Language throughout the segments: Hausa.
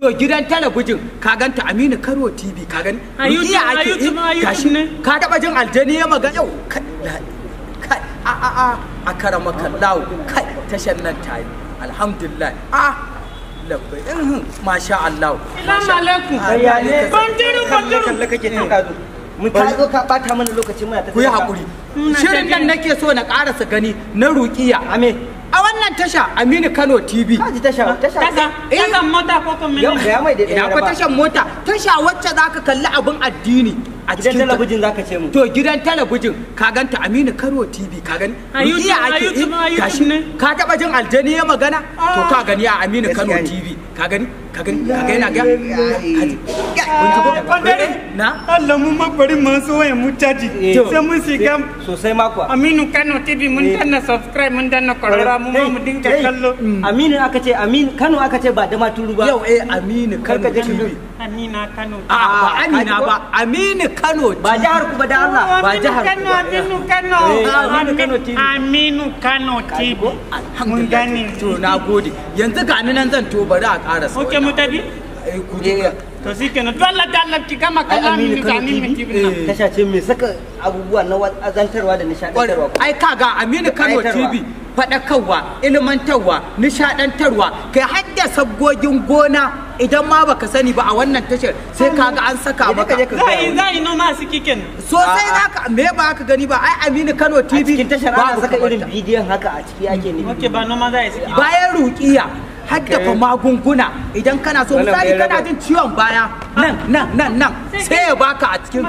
To gidan talabijin ka ganta Aminu Karo TV ka gani? A YouTube a YouTube a YouTube ne. Ka taba jin aljani ya maga yau kai a a a a karama kallawo kai tashar nan ta yi alhamdulillah a labbai in masha Allah. Salamu alaikum. Bandiru bandiru. Kalle kake ta kazo. Mun ka zo ka bata mana lokaci muna ta. Ku yi hakuri. Shirin nan nake so na karasa gani na ruqiya. Amin. kan tasha Aminu Kano TV. Kaji tasha tasha. Tasha eh. mota ko kan Yau ga mai daidai. Ina ko tasha mota. Tasha wacce zaka kalli abin addini. A gidan talabijin zaka ce mu. To gidan talabijin ka ganta Aminu Kano TV ka gani. Rukiya ake eh, gashi ka taba jin aljani ya magana to ka gani a Aminu Kano TV ka gani ka gani ka gani na ga. Ka ji. na Allah mun ma bari mun so wayan mu eh, eh, sai mun shiga sosai kwa Aminu Kano TV mun eh. danna subscribe mun danna kwarara mun ma mu dinga kallo mm. Aminu aka ce Amin Kano aka ce ba da turu ba yau eh Aminu Kano TV Amina Kano a ah, ah, ba Amina ba Aminu Kano ba jahar ku ba da Allah oh, ba jahar Kano Aminu Kano ah, Aminu Kano TV Aminu Kano TV mun gani to nagode yanzu ga ni nan zan to bari a karasa okay mu tabi eh ku je to shi kenan don Allah da Allah ki gama kallon mini ka amin min bin nan tasha ce mai saka abubuwa na azantarwa da nishadantarwa ai kaga Aminu Kano TV faɗakarwa ilmantarwa nishadantarwa kai hadda sabgogin gona idan ma baka sani ba a wannan tashar sai kaga an saka maka zai zai noma su kikin sosai zaka me ba ka gani ba ai Aminu Kano TV cikin tashar ana saka irin bidiyon haka a ciki ake mm, ne ba ma zai bayan ruqiya haddafa magunguna idan kana so misali kana jin ciwon baya nan nan nan nan sai ya baka a cikin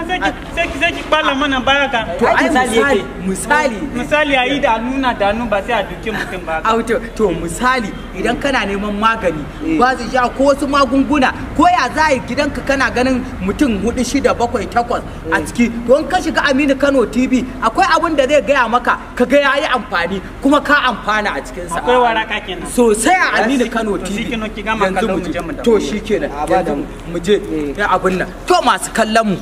sai sai ki bala mana baya ka to ai misali misali misali ayi da nuna da nun ba sai a duke mutum ba a to to misali idan kana neman magani ba eh. zai sha ko wasu magunguna ko ya zai gidanka kana ganin mutum hudu shida bakwai takwas a eh. ciki to in ka shiga Aminu Kano TV akwai abin da zai gaya maka ka ga yayi amfani kuma ka amfana a cikin sa akwai waraka kenan sosai a Aminu Kano TV yanzu mu je to shikenan yanzu mu je eh. ya abun nan to masu kallon mu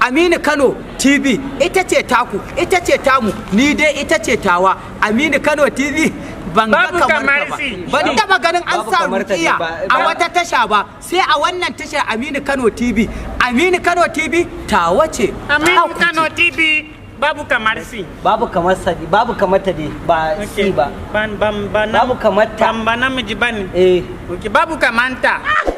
Aminu Kano TV ita ce taku ita ce tamu ni dai ita ce tawa Aminu Kano TV ban ga kamar ba ban taba ganin an sa rukiya a wata tasha ba sai a wannan tashar Aminu Kano TV Aminu Kano TV tawa ce Aminu Kano TV babu kamar si babu kamar sa babu kamar ta ba si ba ban ban ban babu kamar ta ban ba namiji bane eh okay babu kamanta ah!